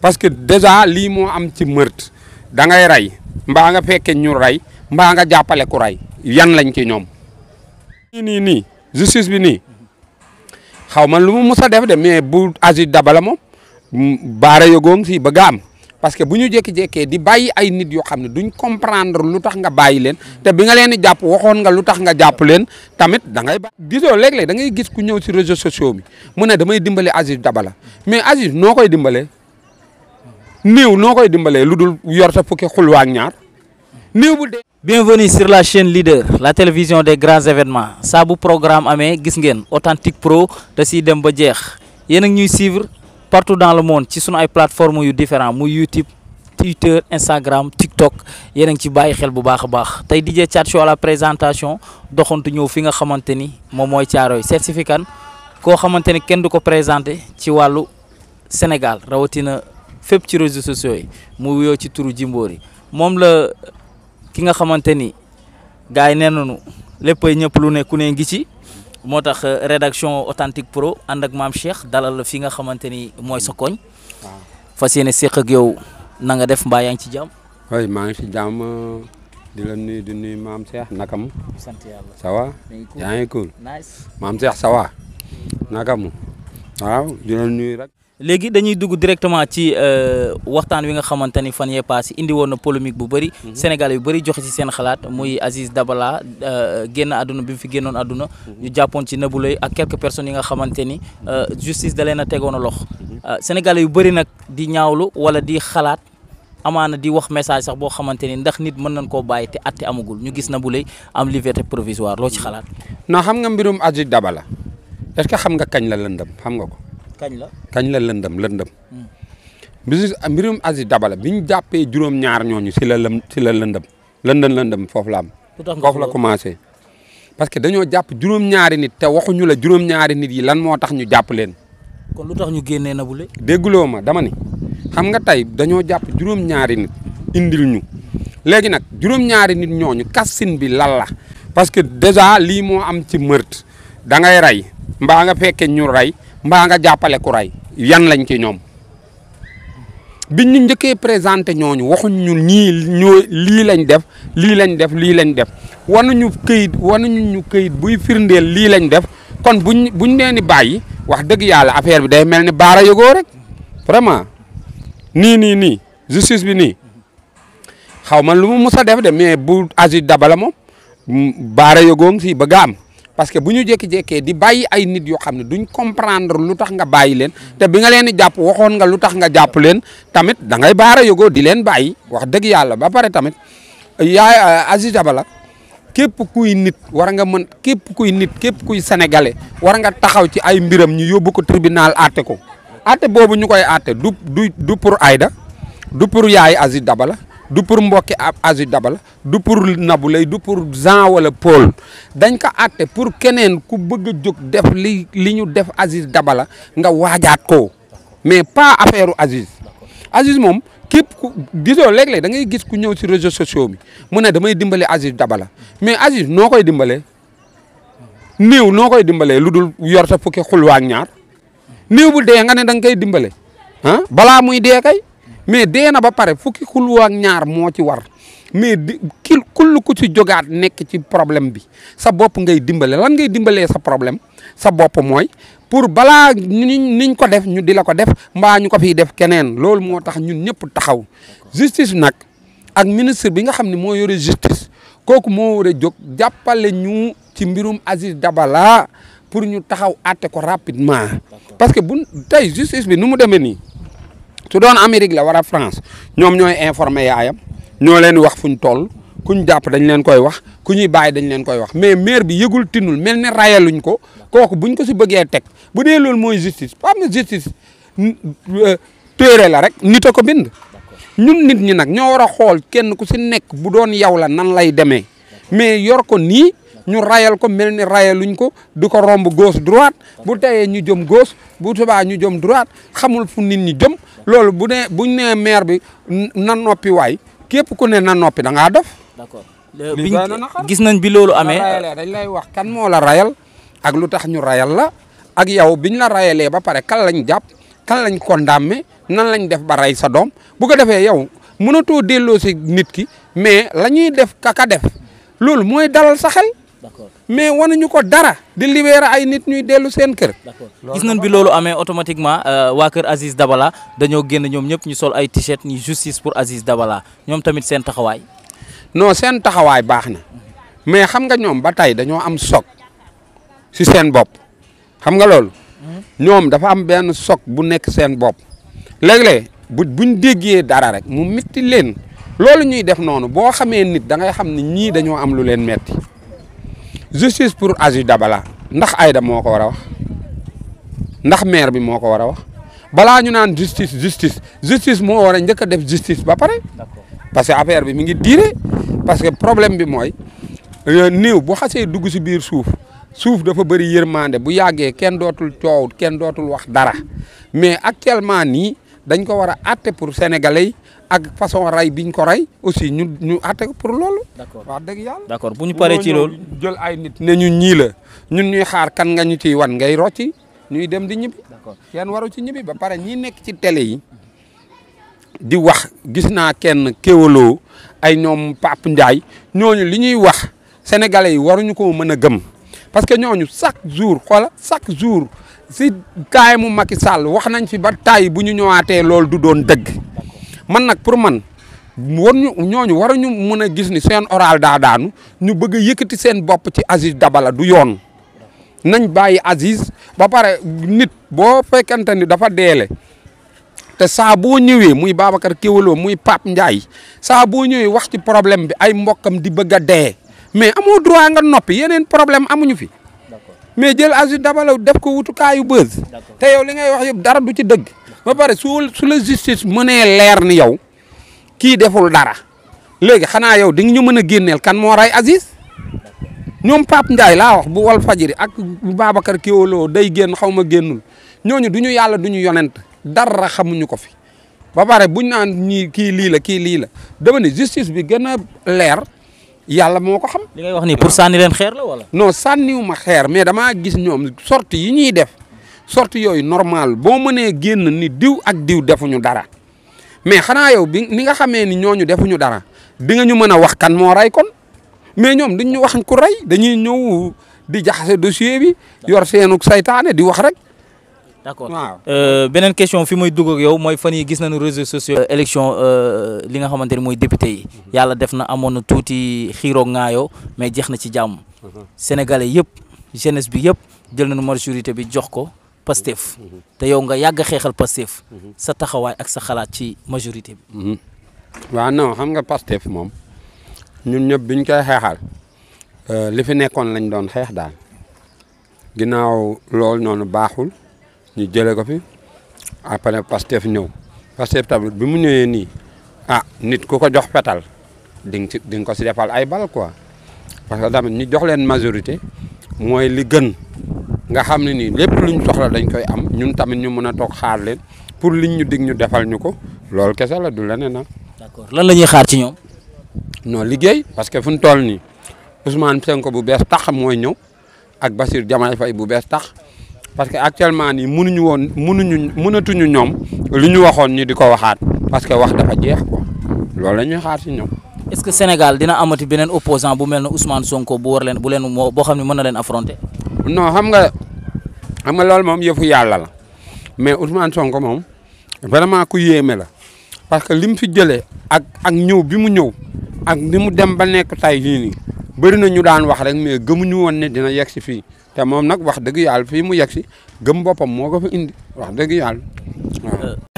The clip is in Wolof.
parce que déjà lii moo am ci meurtre da ngay ray mbaa nga fekke ñu ray mbaa nga jàppale ku rey yan lañ ci ñoom. nii nii nii justice bi nii xaw ma lu mu mus a def de mais bu Aziz Dabala moom baara yëgoom si ba gaam parce que bu ñu jékki-jékkee di bàyyi ay nit yoo xam ne duñ comprendre lu tax nga bàyyi leen te bi nga leen di jàpp waxoon nga lu tax nga jàpp leen tamit da ngay ba gisoo léeg-léeg da ngay gis ku ñëw si réseau sociaux bi mu ne damay dimbale Aziz Dabala mais Aziz noo koy dimbale bienvenue sur la chaîne leader la télévision des grands événements ça bu programme authentique pro da si dem Vous suivre partout dans le monde sur sunu plateformes différentes, YouTube Twitter Instagram TikTok yéen a ngi ci avez xel bu baax vous baax la présentation vous fi nga ni certificat Sénégal fépp ci réseaux sociaux yi mu wuyoo ci turu Djimbory moom la ki nga xamante ni gars yi nee nañu lépp ñëpp lu ne ku ne ngi ci moo tax euh, rédaction authentique pro ànd ak maam Cheikh dalal la fi nga xamante ni mooy sa koñ. waaw fas yéene séq ak yow na nga def mbaa ngi ci jàmm. oui maa ngi ci jàmm di la nuy di nuyu maam Cheikh nakam. sant sawa ça va yaa ngi cool. maam Cheikh ça di la nuyu rek. léegi dañuy dugg directement ci euh, waxtaan wi nga xamante ni fan yee paas indi woon na polémique bu bëri. Mhm. Sénégal yu bëri joxe ci seen xalaat muy Aziz Dabala euh, génn àdduna bi mu fi génnoon adduna mhm. ñu jàppoon ci Nabou Leye ak quelques personnes yi nga xamante ni euh, justice da leen a tegoon a lox. Mhm. Sénégal yu bëri nag di ñaawlu wala di xalaat. amaana di wax message sax boo xamante ni ndax nit mën nañ koo bàyyi te atte amagul ñu gis Nabou Leye am liberté provisoire loo ci xalaat. non xam nga mbirum Aziz Dabala est-ce que xam nga kañ la lëndëm xam nga ko. kañ la kañ la lëndëm lëndëm. Hmm. bisu mbirum Aziz Dabala bi ñu jàppee juróom-ñaar ñooñu si la lëm si la lëndëm lëndëm lëndëm foofu la am. foofu la commencé. parce que dañoo jàpp juróom-ñaari nit te waxuñu la juróom-ñaari nit yi lan moo tax ñu jàpp leen. kon lu tax ñu génnee na bu ma dama ni xam nga tey dañoo jàpp juróom-ñaari nit indil ñu léegi nag juróom-ñaari nit ñooñu kassin bi lan la. parce que déjà lii moo am ci meurtre danga ngay rey mbaa nga fekkee ñu rey. mbaa nga jàppale ku rey yan lañ ci ñoom biñ ñu njëkkee présenté ñooñu waxuñ ñun ñii ñu lii lañ def lii lañ def lii lañ def wanuñu këyit wanuñu ñu këyit buy firndeel lii lañ def kon buñ buñ nee ni bàyyi wax dëgg yàlla affaire bi day mel ni baara yëgoo rek vraiment nii nii nii justice bi nii xaw ma lu mu mus a def de mais bu asi dabala moom baara yëgoom si bëgg am parce que buñu ñu di bayyi ay nit yo xam duñ comprendre lutax nga bayyi len te bi nga len di jàpp nga lutax nga japp len tamit da ngay baara yogo di len bayyi wax deug yalla ba pare tamit yaa euh, Aziz Dabala képp kuy nit war nga mën képp kuy nit képp kuy sénégalais war nga taxaw ci ay mbiram ñu yobbu ko tribunal até ko até bobu ñukoy até du du pour Aïda du pour yaay Aziz Dabala du pour mbokki ab Aziz Dabala du pour nabulay du pour Jean wala pol dañ ko àtte pour keneen ku bëgg jog def li li ñu def Aziz Dabala nga waajaat ko mais pas affaire Aziz Aziz moom képp ku gisoo léeg-léeg da ngay gis ku ñëw si réseaux sociaux bi mu ne damay dimbale Aziz Dabala mais Aziz noo koy dimbalee néew noo koy dimbalee lu dul yor sa fukki xulwaak ñaar néew bu dee nga ne danga nga koy dimbale ah? balaa muy dee kay. mais dee na ba pare fukki xulwa ak ñaar mo ci war mais kil ku ci jogaat nek ci problème bi sa bop ngay dimbalé lan ngay dimbalé sa problème sa bop moy pour bala niñ ko def ñu dila ko def mba ñu ko fi def keneen lool moo tax ñun ñepp taxaw justice nak, ak ministre bi nga xamni mo moo justice koku mo wara jog jappalé ñu ci mbirum Aziz Dabala pour ñu taxaw atté ko rapidement parce que bu tay justice bi numu démé ni su doon Amérique la war a France ñoom ñooy informé yaayam ñoo leen wax fu ñu toll ku ñu jàpp dañ leen koy wax ku ñuy bàyyi dañ leen koy wax mais maire bi yëgul tinul mel ne rayaluñ ko kooku buñ ko si bëggee teg bu dee loolu mooy justice ba na justice euh, téere la rek nit ko bind. ñun nit ñi nag ñoo war a xool kenn ku si nekk bu doon yow la nan lay demee mais yor ko nii ñu rayal ko mel ni rayaluñ ko du ko romb gauche droite bu teyee ñu jëm gauche bu subaa ñu jëm droite xamul fu nit ñi jëm. loolu bu nee buñ nee maire bi na noppi waay képp ku ne na noppi da ngaa dof. d'accord biñ gis nañ bi loolu amee. dañ lay wax kan moo la rayal ak lu tax ñu rayal la ak yow biñ la rayalee ba pare kan lañ jàpp kan lañ condamné nan lañ def ba ray sa doom bu ko defee yow mënatoo delloo si nit ki mais lañuy def kaka def loolu mooy dalal sa xel. mais wanuñu ko dara di libéré ay nit ñuy dellu seen kër. gis nañ bi loolu amee automatiquement euh, waa kër Aziz Dabala dañoo génn ñoom ñëpp ñu sol ay t-shirt ñu justice pour Aziz Dabala ñoom tamit seen taxawaay. noo seen taxawaay baax na mais xam nga ñoom ba tey dañoo am soog si seen bopp xam nga loolu. Mm-hmm. ñoom dafa am benn soog bu nekk seen bopp léeg-léeg bu buñ déggee dara rek mu métti leen loolu ñuy def noonu boo xamee nit da ngay xam ni ñii dañoo am lu leen metti justice pour Aziz Dabala ndax ayda moo ko war a wax ndax maire bi moo ko war a wax balaa ñu naan justice justice justice moo war a njëkk a def justice ba pare. parce que affaire bi mi ngi diire parce que problème bi mooy euh, néew bu xasee dugg si biir suuf suuf dafa bëri yërmande bu yàggee kenn dootul coow kenn dootul wax dara mais actuellement nii dañ ko war a àtte pour sénégalais ak façon ray biñ ko ray aussi ñu ñu atté pour loolu wa dëgg yalla d'accord buñu paré ci loolu jël ay nit né ñu ñi la ñun ñuy xaar kan nga ñu ci wan ngay rocci ñuy dem di ñibi kenn waru ci ñibi ba paré ñi nekk ci télé yi di wax gis na kenn kéwolo ay ñom pap Ndiaye ñoñu li ñuy wax sénégalais yi ñu ko mëna gëm parce que ñoñu chaque jour xola chaque jour si kaayamu Macky Sall wax nañ fi ba tay buñu ñëwaaté du doon dëgg man nak pour man won ñooñu waruñu mën gis ni seen oral daa daanu ñu bëgg yëkëti seen ci Aziz Dabala du yoon nañ bayyi Aziz ba paré nit bo fekkente dafa délé té sa bo ñëwé muy babakar Kéwaloo muy pap Ndiaye sa bo ñëwé wax ci problème bi ay mbokam di bëgga dé mais amo droit nga nopi yeneen problème amuñu fi mais jël Aziz Dabala def ko kayu beuz té yow li ngay wax yëp dara du ci dëgg ba pare su su la justice mënee leer ni yow kii deful dara léegi xanaa yow di ñu mën a génneel kan moo rey Aziz ñoom Pape Ndiaye laa wax bu wal fajiri ak bu Babacar Kiwoloo day génn xaw ma génnul ñooñu du ñu yàlla du ñu yonent dara xamuñu ko fi ba pare buñ naan ñii kii lii la kii lii la dama ne justice bi gën a leer yàlla moo ko xam. li ngay wax nii pour sànni leen xeer la wala. non sànniwu ma xeer mais damaa gis ñoom sorti yi ñuy def. sortie yooyu normal boo mënee génn ni diw ak diw defuñu dara mais xanaa yow bi ni nga xamee ni ñooñu defuñu dara di ñu mën a wax kan moo rey kon mais ñoom dañ ñu wax ku rey dañuy ñëw di jaxase dossier bi yor seenu saytaane di wax rek. d'accord waaw euh, beneen question fi may dugg ak yow mooy fan yi gis nañu réseaux sociaux. Euh, élection euh, li nga xamante ni mooy député yi yàlla def na amoon na tuuti xiiroo ŋaayoo mais jeex na ci jàmm. Mhm. sénégalais yëpp jeunesse bi yëpp jël nañu majorité bi jox ko. Pastef mm-hmm. Mm-hmm. te yow nga yàgg xeexal Pastef mm-hmm. sa taxawaay ak sa xalaat ci majorité bi. waaw non xam nga Pastef moom ñun ñëpp biñ koy xeexal euh, li fi nekkoon lañ doon xeex daal ginnaaw loolu noonu baaxul ñu jëlee ko fi après Pastef ñëw Pastef tamit bi mu ñëwee nii ah nit ku ko jox fetal ding nga di nga ko si defal ay bal quoi parce que tamit ñu jox leen majorité mooy li gën. nga xamni ni lepp luñ soxla dañ koy am ñun tamit ñu mëna tok xaar leen pour liñ ñu dig ñu defal ñuko lool kessa la du leneen na ah. d'accord lan lañuy xaar ci ñom non liggey parce que fuñ toll ni Ousmane Sonko bu bes tax moy ñew ak Basir Diomaye Faye bu bes tax parce que actuellement nii mënuñu won mënuñu mënatuñu ñoom li ñu waxoon ñu di ko waxaat parce que wax dafa jeex quoi loolu la xaar ci ñom est ce que Sénégal dina amati benen opposant bu melni Ousmane Sonko bu war len bu len bo xamni mëna len affronter. non xam nga xam nga loolu moom yëfu yàlla la mais Ousmane Sonko moom vraiment ku yéeme la parce que li mu fi jëlee ak ak ñëw bi mu ñëw ak ni mu dem ba nekk tay jii nii bëri na ñu daan wax rek mais gëmuñu woon ne dina yegg si fii te moom nag wax dëgg yàlla fii mu yegg si gëm boppam moo ko fi indi wax dëgg yàlla